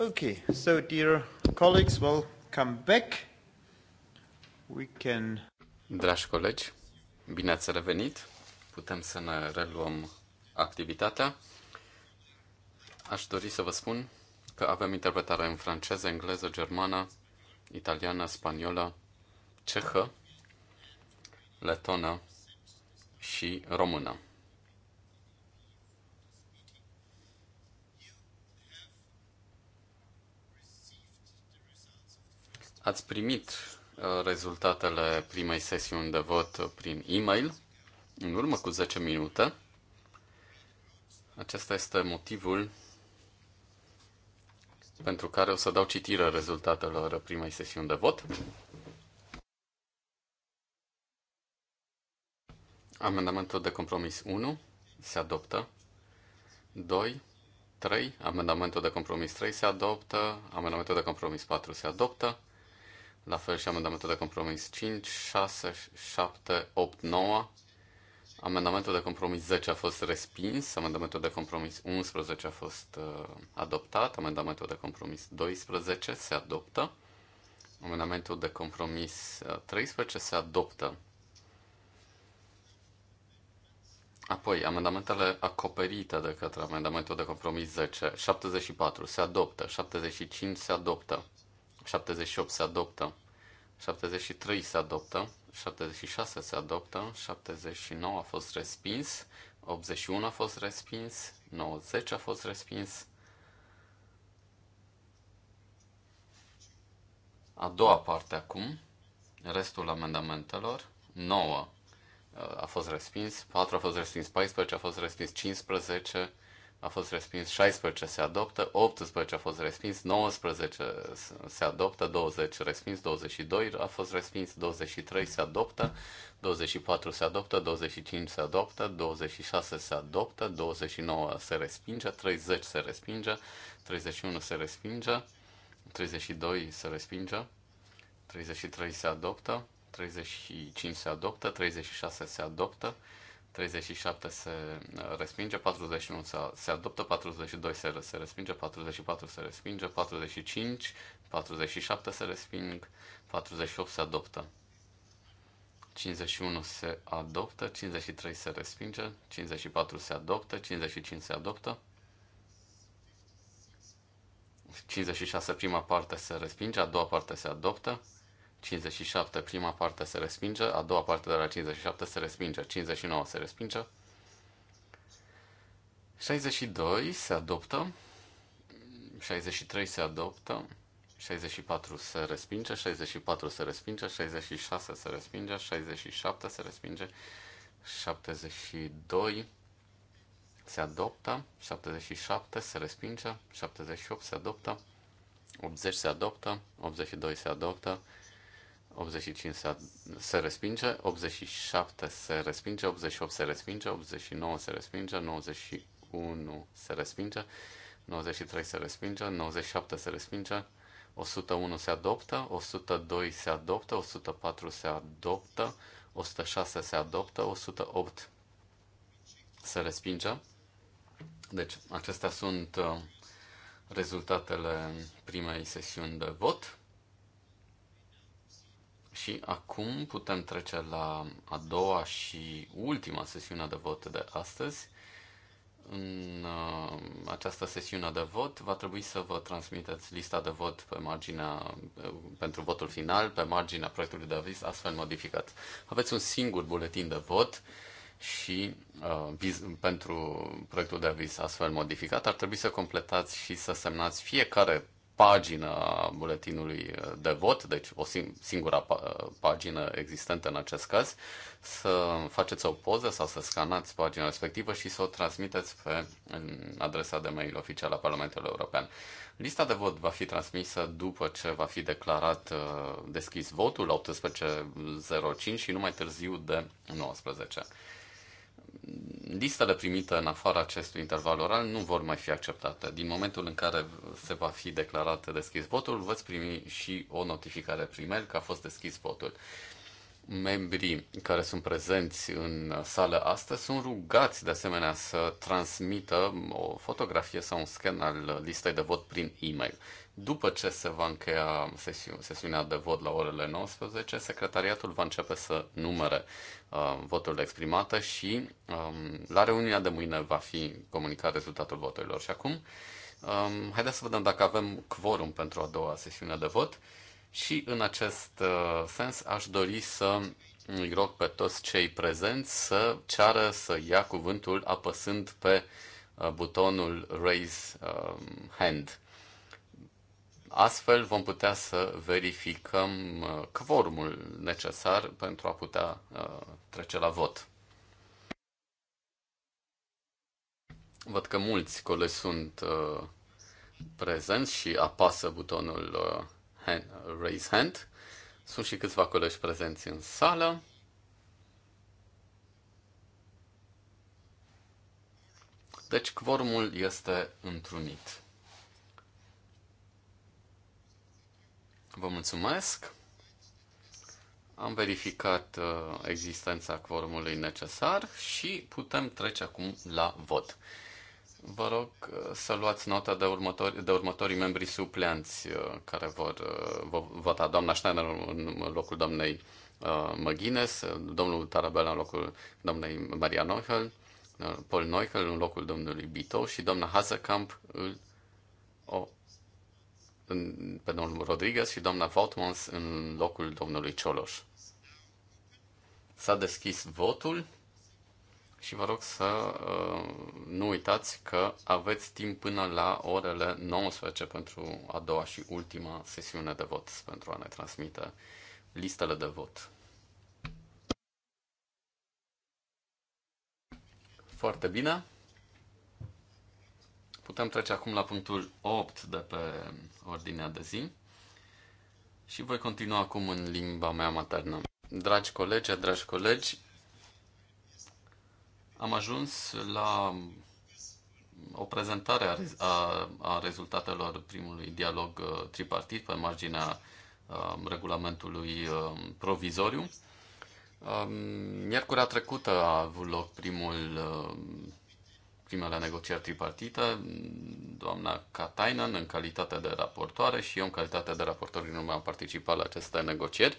Okay, so dear colleagues, welcome back. We can... Dragi colegi, bine ați revenit. Putem să ne reluăm activitatea. Aș dori să vă spun că avem interpretare în franceză, engleză, germană, italiană, spaniolă, cehă, letonă și română. Ați primit uh, rezultatele primei sesiuni de vot prin e-mail în urmă cu 10 minute. Acesta este motivul pentru care o să dau citire rezultatelor primei sesiuni de vot. Amendamentul de compromis 1 se adoptă. 2, 3, amendamentul de compromis 3 se adoptă, amendamentul de compromis 4 se adoptă, la fel și amendamentul de compromis 5, 6, 7, 8, 9. Amendamentul de compromis 10 a fost respins, amendamentul de compromis 11 a fost uh, adoptat, amendamentul de compromis 12 se adoptă, amendamentul de compromis 13 uh, se adoptă. Apoi, amendamentele acoperite de către amendamentul de compromis 10, 74 se adoptă, 75 se adoptă, 78 se adoptă, 73 se adoptă, 76 se adoptă, 79 a fost respins, 81 a fost respins, 90 a fost respins. A doua parte acum, restul amendamentelor, 9 uh, a fost respins, 4 a fost respins, 14 a fost respins, 15 a fost respins, 16 se adoptă, 18 a fost respins, 19 se adoptă, 20 respins, 22 a fost respins, 23 se adoptă, 24 se adoptă, 25 se adoptă, 26 se adoptă, 29 se respinge, 30 se respinge, 31 se respinge, 32 se respinge, 33 se adoptă, 35 se adoptă, 36 se adoptă, 37 se uh, respinge, 41 se, se adoptă, 42 se, se respinge, 44 se respinge, 45, 47 se resping, 48 se adoptă. 51 se adoptă, 53 se respinge, 54 se adoptă, 55 se adoptă. 56 prima parte se respinge, a doua parte se adoptă, 57, prima parte se respinge, a doua parte de la 57 se respinge, 59 se respinge. 62 se adoptă, 63 se adoptă, 64 se respinge, 64 se respinge, 66 se respinge, 67 se respinge, 72 se adoptă, 77 se respinge, 78 se adoptă, 80 se adoptă, 82 se adoptă, 85 se, se respinge, 87 se respinge, 88 se respinge, 89 se respinge, 91 se respinge, 93 se respinge, 97 se respinge, 101 se adoptă, 102 se adoptă, 104 se adoptă, 106 se adoptă, 108 se respinge. Deci, acestea sunt uh, rezultatele primei sesiuni de vot. Și acum putem trece la a doua și ultima sesiune de vot de astăzi. În uh, această sesiune de vot va trebui să vă transmiteți lista de vot pe marginea, pentru votul final, pe marginea proiectului de aviz, astfel modificat. Aveți un singur buletin de vot și uh, viz, pentru proiectul de aviz astfel modificat ar trebui să completați și să semnați fiecare pagină a buletinului uh, de vot, deci o singura uh, pagină existentă în acest caz, să faceți o poză sau să scanați pagina respectivă și să o transmiteți pe adresa de mail oficială a Parlamentului European. Lista de vot va fi transmisă după ce va fi declarat uh, deschis votul la 18.05 și nu mai târziu de 19 listele primite în afara acestui interval oral nu vor mai fi acceptate. Din momentul în care se va fi declarat deschis votul, veți primi și o notificare prin mail că a fost deschis votul membrii care sunt prezenți în sală astăzi sunt rugați de asemenea să transmită o fotografie sau un scan al listei de vot prin e-mail. După ce se va încheia sesiunea de vot la orele 19, secretariatul va începe să numere uh, voturile exprimate și um, la reuniunea de mâine va fi comunicat rezultatul voturilor. Și acum, um, haideți să vedem dacă avem quorum pentru a doua sesiune de vot. Și în acest uh, sens aș dori să îi rog pe toți cei prezenți să ceară să ia cuvântul apăsând pe uh, butonul Raise um, Hand. Astfel vom putea să verificăm cvormul uh, necesar pentru a putea trece la vot. Văd că mulți colegi sunt prezenți și apasă butonul hand, raise hand. Sunt și câțiva colegi prezenți în sală. Deci quorumul este întrunit. Vă mulțumesc. Am verificat uh, existența quorumului necesar și putem trece acum la vot. Vă rog uh, să luați nota de, următori, de următorii membri supleanți uh, care vor uh, vota. Doamna Steiner în locul doamnei Măghines, domnul Tarabella în locul doamnei Maria Neuchel, Paul Neuchel în locul domnului Bito și doamna Hazekamp îl, o, în, pe domnul Rodriguez și doamna Vautmans în locul domnului Cioloș. S-a deschis votul și vă rog să uh, nu uitați că aveți timp până la orele 19 pentru a doua și ultima sesiune de vot, pentru a ne transmite listele de vot. Foarte bine. Putem trece acum la punctul 8 de pe ordinea de zi și voi continua acum în limba mea maternă. Dragi colegi, dragi colegi, am ajuns la o prezentare a, a, a rezultatelor primului dialog uh, tripartit pe marginea a, um, regulamentului a, um, provizoriu. A, um, miercurea trecută a avut loc primul, a, primele negocieri tripartite, doamna Katainen în calitate de raportoare și eu în calitate de raportor din urmă am participat la aceste negocieri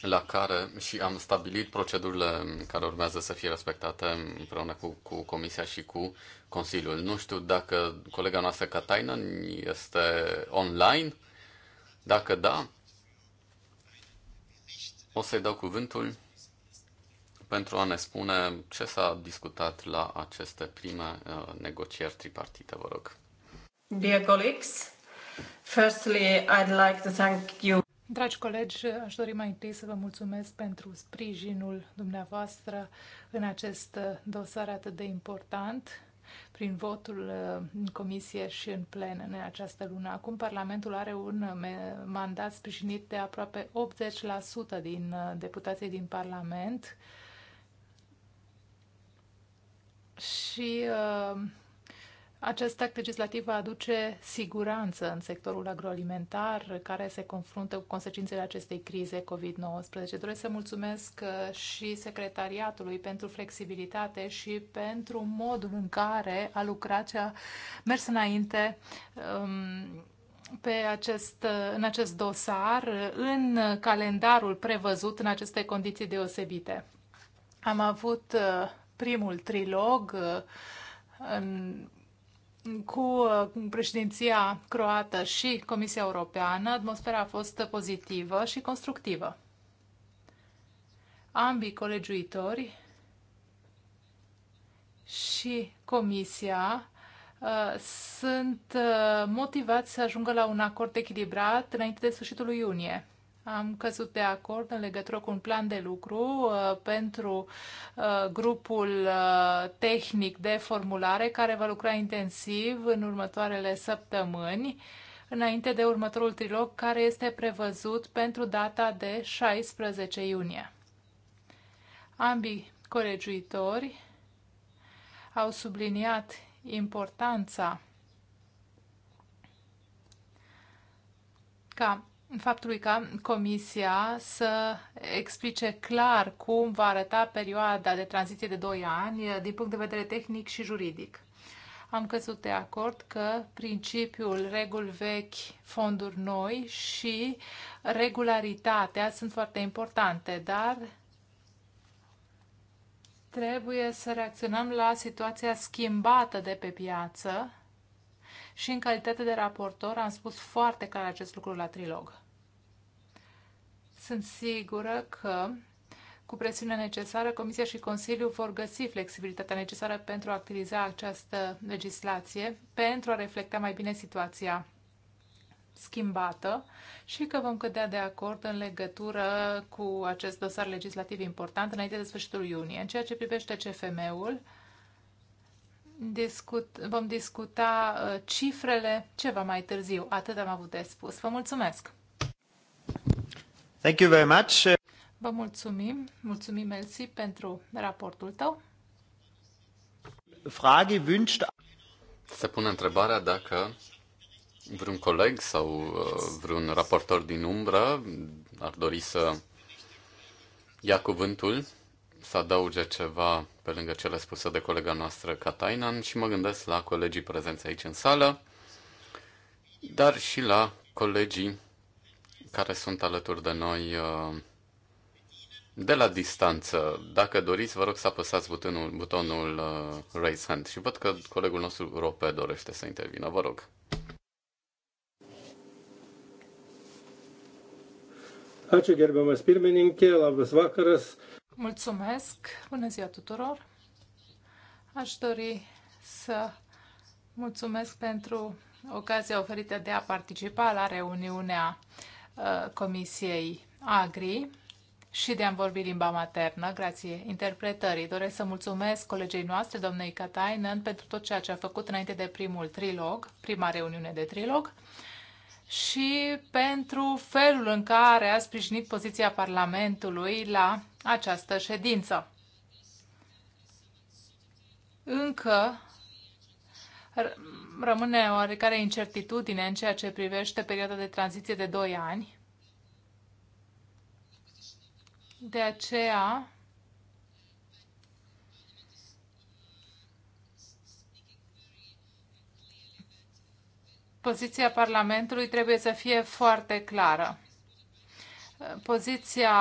la care și am stabilit procedurile care urmează să fie respectate împreună cu, cu Comisia și cu Consiliul. Nu știu dacă colega noastră Katainen este online. Dacă da, o să-i dau cuvântul pentru a ne spune ce s-a discutat la aceste prime uh, negocieri tripartite, vă rog. Dear colleagues, firstly, I'd like to thank you Dragi colegi, aș dori mai întâi să vă mulțumesc pentru sprijinul dumneavoastră în acest dosar atât de important prin votul uh, în comisie și în plen în această lună. Acum Parlamentul are un uh, mandat sprijinit de aproape 80% din uh, deputații din Parlament și uh, acest act legislativ va aduce siguranță în sectorul agroalimentar care se confruntă cu consecințele acestei crize COVID-19. Doresc să mulțumesc uh, și secretariatului pentru flexibilitate și pentru modul în care a lucrat și a mers înainte um, pe acest, uh, în acest dosar, în calendarul prevăzut în aceste condiții deosebite. Am avut uh, primul trilog în cu uh, președinția croată și Comisia Europeană, atmosfera a fost pozitivă și constructivă. Ambii colegiuitori și Comisia uh, sunt uh, motivați să ajungă la un acord echilibrat înainte de sfârșitul lui iunie am căzut de acord în legătură cu un plan de lucru uh, pentru uh, grupul uh, tehnic de formulare care va lucra intensiv în următoarele săptămâni înainte de următorul trilog care este prevăzut pentru data de 16 iunie. Ambii colegiuitori au subliniat importanța ca faptului ca Comisia să explice clar cum va arăta perioada de tranziție de 2 ani eh, din punct de vedere tehnic și juridic. Am căzut de acord că principiul reguli vechi, fonduri noi și regularitatea sunt foarte importante, dar trebuie să reacționăm la situația schimbată de pe piață și în calitate de raportor am spus foarte clar acest lucru la trilog. Sunt sigură că cu presiunea necesară, Comisia și Consiliul vor găsi flexibilitatea necesară pentru a activiza această legislație, pentru a reflecta mai bine situația schimbată și că vom cădea de acord în legătură cu acest dosar legislativ important înainte de sfârșitul iunie. În ceea ce privește CFM-ul, discut, vom discuta uh, cifrele ceva mai târziu. Atât am avut de spus. Vă mulțumesc! Thank you very much. Vă mulțumim, mulțumim Elsie pentru raportul tău. Frage wünscht... Se pune întrebarea dacă vreun coleg sau uh, vreun raportor din umbră ar dori să ia cuvântul, să adauge ceva pe lângă cele spuse de colega noastră Catainan și mă gândesc la colegii prezenți aici în sală, dar și la colegii care sunt alături de noi uh, de la distanță. Dacă doriți, vă rog să apăsați butonul, butonul uh, Raise Hand și văd că colegul nostru Rope dorește să intervină. Vă rog. Ačiū gerbiamas pirmininkė, labas vakaras. Mulțumesc! Bună ziua tuturor! Aș dori să mulțumesc pentru ocazia oferită de a participa la reuniunea uh, Comisiei Agri și de a-mi vorbi limba maternă, grație interpretării. Doresc să mulțumesc colegei noastre, domnei Catainen, pentru tot ceea ce a făcut înainte de primul trilog, prima reuniune de trilog, și pentru felul în care a sprijinit poziția Parlamentului la această ședință. Încă rămâne oarecare incertitudine în ceea ce privește perioada de tranziție de 2 ani. De aceea, poziția Parlamentului trebuie să fie foarte clară. Poziția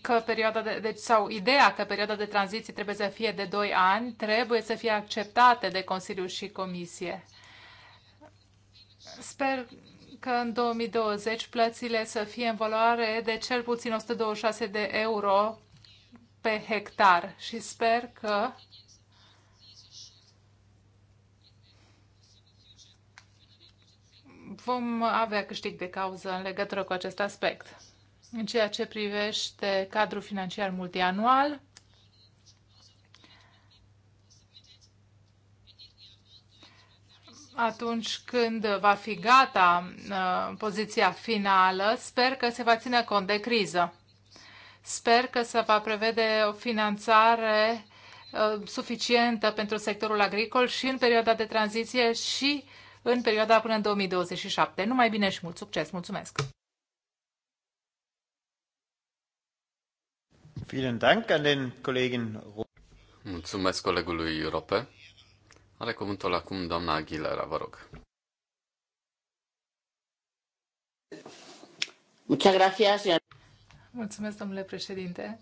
că perioada de, deci, sau ideea că perioada de tranziție trebuie să fie de 2 ani trebuie să fie acceptată de Consiliu și Comisie. Sper că în 2020 plățile să fie în valoare de cel puțin 126 de euro pe hectar și sper că vom avea câștig de cauză în legătură cu acest aspect în ceea ce privește cadrul financiar multianual. Atunci când va fi gata uh, poziția finală, sper că se va ține cont de criză. Sper că se va prevede o finanțare uh, suficientă pentru sectorul agricol și în perioada de tranziție și în perioada până în 2027. Numai bine și mult succes! Mulțumesc! Mulțumesc colegului Europe. Are cuvântul acum doamna Aguilera, vă rog. Mulțumesc, domnule președinte.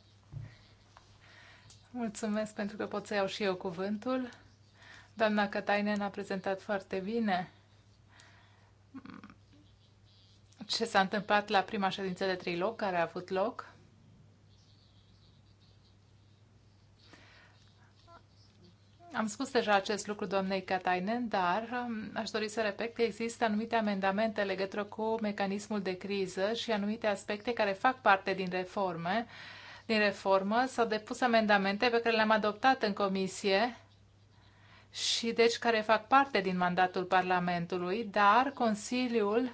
Mulțumesc pentru că pot să iau și eu cuvântul. Doamna Cătainen a prezentat foarte bine ce s-a întâmplat la prima ședință de trilog care a avut loc Am spus deja acest lucru doamnei Catainen, dar um, aș dori să repet că există anumite amendamente legătură cu mecanismul de criză și anumite aspecte care fac parte din reforme. Din reformă s-au depus amendamente pe care le-am adoptat în comisie și deci care fac parte din mandatul Parlamentului, dar Consiliul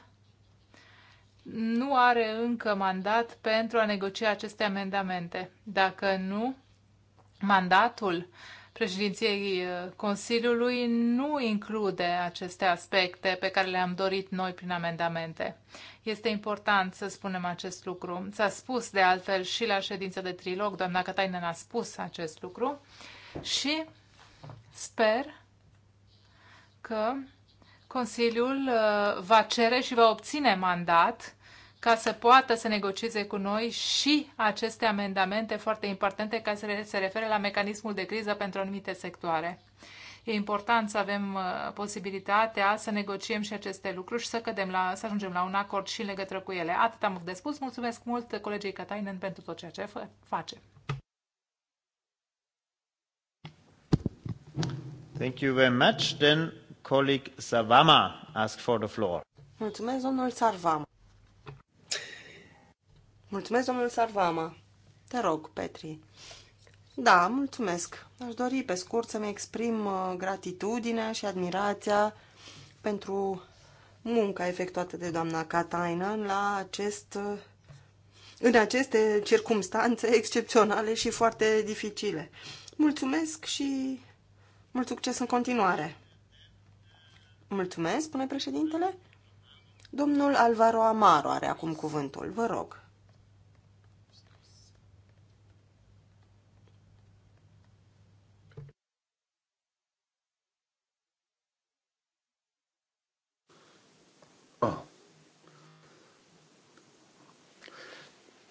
nu are încă mandat pentru a negocia aceste amendamente. Dacă nu, mandatul uh, președinției uh, Consiliului nu include aceste aspecte pe care le-am dorit noi prin amendamente. Este important să spunem acest lucru. S-a spus de altfel și la ședința de trilog, doamna Cătainen a spus acest lucru și sper că Consiliul uh, va cere și va obține mandat ca să poată să negocieze cu noi și aceste amendamente foarte importante care se referă la mecanismul de criză pentru anumite sectoare. E important să avem uh, posibilitatea să negociem și aceste lucruri și să, cădem la, să ajungem la un acord și în legătură cu ele. Atât am de spus. Mulțumesc mult colegii Catainen pentru tot ceea ce face. Thank you very much. Then colleague Savama asked for the floor. Mulțumesc, domnul Sarvam. Mulțumesc, domnul Sarvama. Te rog, Petri. Da, mulțumesc. Aș dori pe scurt să-mi exprim uh, gratitudinea și admirația pentru munca efectuată de doamna Katainen la acest, uh, în aceste circumstanțe excepționale și foarte dificile. Mulțumesc și mult succes în continuare. Mulțumesc, spune președintele. Domnul Alvaro Amaro are acum cuvântul. Vă rog.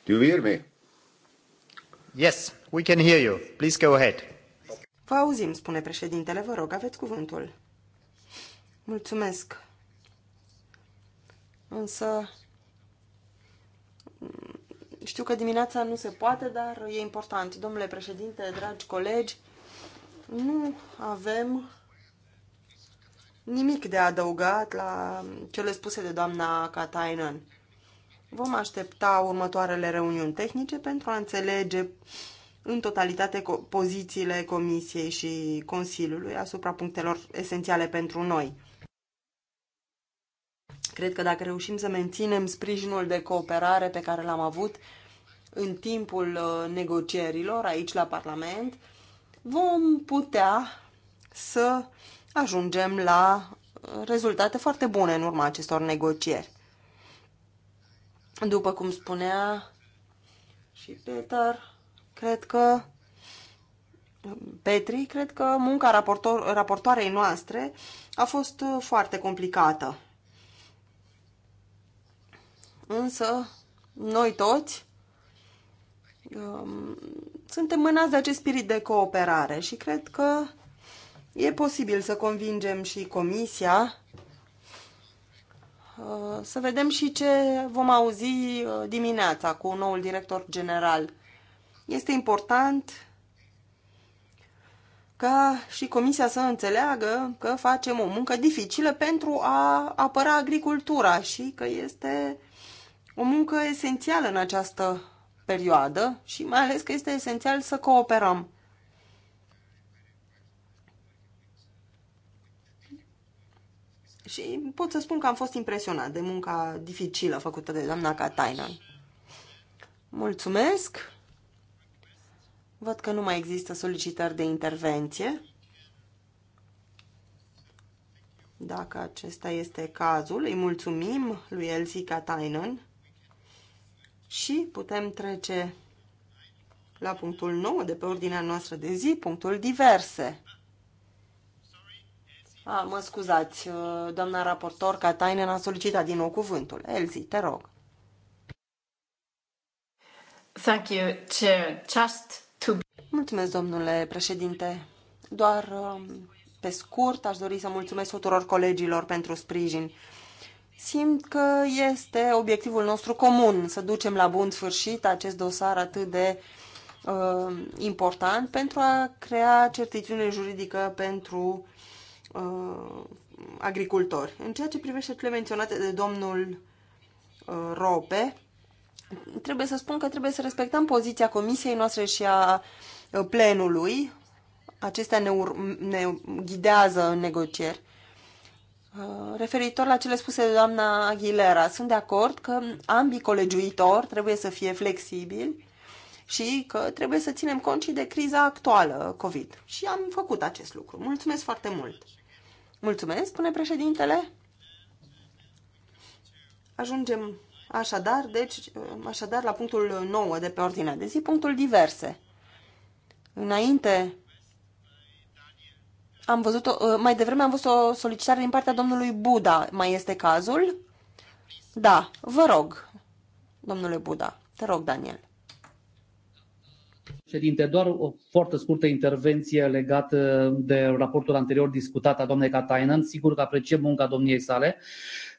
Do you hear me? Yes, we can hear you. Please go ahead. Vă auzim, spune președintele. Vă rog, aveți cuvântul. Mulțumesc. Însă știu că dimineața nu se poate, dar e important. Domnule președinte, dragi colegi, nu avem nimic de adăugat la cele spuse de doamna Katainen. Vom aștepta următoarele reuniuni tehnice pentru a înțelege în totalitate pozițiile Comisiei și Consiliului asupra punctelor esențiale pentru noi. Cred că dacă reușim să menținem sprijinul de cooperare pe care l-am avut în timpul uh, negocierilor aici la Parlament, vom putea să ajungem la uh, rezultate foarte bune în urma acestor negocieri. După cum spunea și Peter, cred că Petri, cred că munca raportor, raportoarei noastre a fost uh, foarte complicată. Însă, noi toți um, suntem mânați de acest spirit de cooperare și cred că e posibil să convingem și Comisia Uh, să vedem și ce vom auzi uh, dimineața cu noul director general. Este important ca și Comisia să înțeleagă că facem o muncă dificilă pentru a apăra agricultura și că este o muncă esențială în această perioadă și mai ales că este esențial să cooperăm. Și pot să spun că am fost impresionat de munca dificilă făcută de doamna Katainen. Mulțumesc! Văd că nu mai există solicitări de intervenție. Dacă acesta este cazul, îi mulțumim lui Elsie Katainen și putem trece la punctul nou de pe ordinea noastră de zi, punctul diverse. A, ah, mă scuzați, uh, doamna raportor Katainen a solicitat din nou cuvântul. Elzi, te rog. Thank you, Chair. Just to... Mulțumesc, domnule președinte. Doar uh, pe scurt, aș dori să mulțumesc tuturor colegilor pentru sprijin. Simt că este obiectivul nostru comun să ducem la bun sfârșit acest dosar atât de uh, important pentru a crea certitudine juridică pentru uh, uh, agricultori. În ceea ce privește cele menționate de domnul uh, Rope, trebuie să spun că trebuie să respectăm poziția comisiei noastre și a uh, plenului. Acestea ne, ne ghidează în negocieri. Uh, referitor la cele spuse de doamna Aguilera, sunt de acord că ambii colegiuitori trebuie să fie flexibili și că trebuie să ținem cont și de criza actuală COVID. Și am făcut acest lucru. Mulțumesc foarte mult! Mulțumesc, spune președintele. Ajungem așadar, deci, așadar la punctul 9 de pe ordinea de zi, punctul diverse. Înainte am văzut o, ă, mai devreme am văzut o solicitare din partea domnului Buda. Mai este cazul? Da, vă rog, domnule Buda. Te rog, Daniel. Ședinte, doar o foarte scurtă intervenție legată de raportul anterior discutat a doamnei Katainen. Sigur că apreciem munca domniei sale,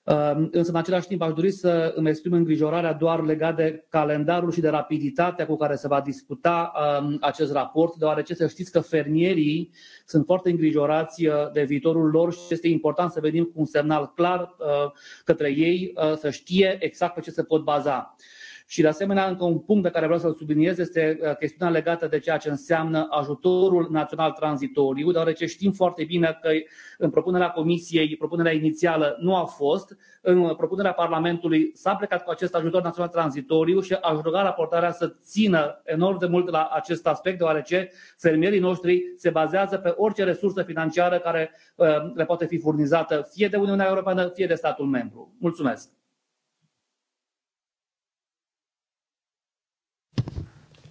ehm, însă în același timp aș dori să îmi exprim îngrijorarea doar legată de calendarul și de rapiditatea cu care se va discuta ehm, acest raport, deoarece să știți că fermierii sunt foarte îngrijorați eh, de viitorul lor și este important să venim cu un semnal clar eh, către ei, eh, să știe exact pe ce se pot baza. Și, de asemenea, încă un punct pe care vreau să-l subliniez este uh, chestiunea legată de ceea ce înseamnă ajutorul național tranzitoriu, deoarece știm foarte bine că uh, în propunerea Comisiei, propunerea inițială nu a fost, în propunerea Parlamentului s-a plecat cu acest ajutor național tranzitoriu și aș ruga raportarea să țină enorm de mult la acest aspect, deoarece fermierii noștri se bazează pe orice resursă financiară care uh, le poate fi furnizată fie de Uniunea Europeană, fie de statul membru. Mulțumesc!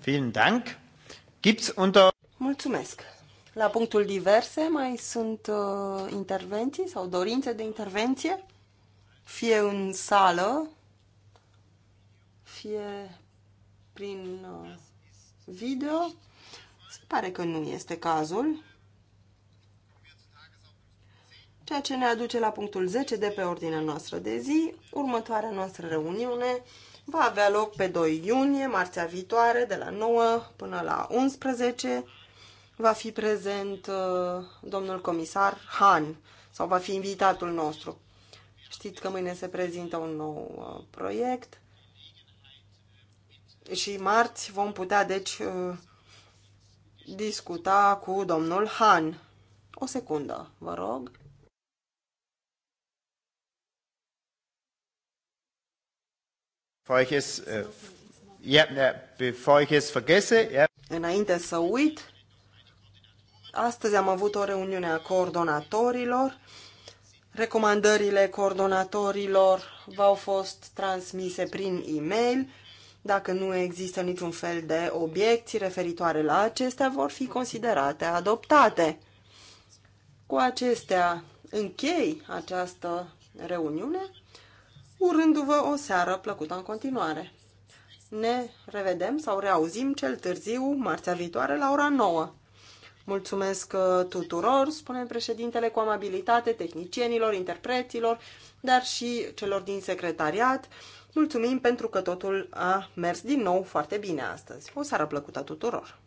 Vielen Dank. Gibt's unter... Mulțumesc. La punctul diverse mai sunt uh, intervenții sau dorințe de intervenție, fie în sală, fie prin uh, video. Se pare că nu este cazul ceea ce ne aduce la punctul 10 de pe ordinea noastră de zi. Următoarea noastră reuniune va avea loc pe 2 iunie, marțea viitoare, de la 9 până la 11. Va fi prezent uh, domnul comisar Han sau va fi invitatul nostru. Știți că mâine se prezintă un nou uh, proiect și marți vom putea, deci, uh, discuta cu domnul Han. O secundă, vă rog. Înainte să uit, astăzi am avut o reuniune a coordonatorilor. Recomandările coordonatorilor v-au fost transmise prin e-mail. Dacă nu există niciun fel de obiecții referitoare la acestea, vor fi considerate adoptate. Cu acestea închei această reuniune urându-vă o seară plăcută în continuare. Ne revedem sau reauzim cel târziu, marțea viitoare, la ora 9. Mulțumesc uh, tuturor, spune președintele, cu amabilitate, tehnicienilor, interpreților, dar și celor din secretariat. Mulțumim pentru că totul a mers din nou foarte bine astăzi. O seară plăcută tuturor!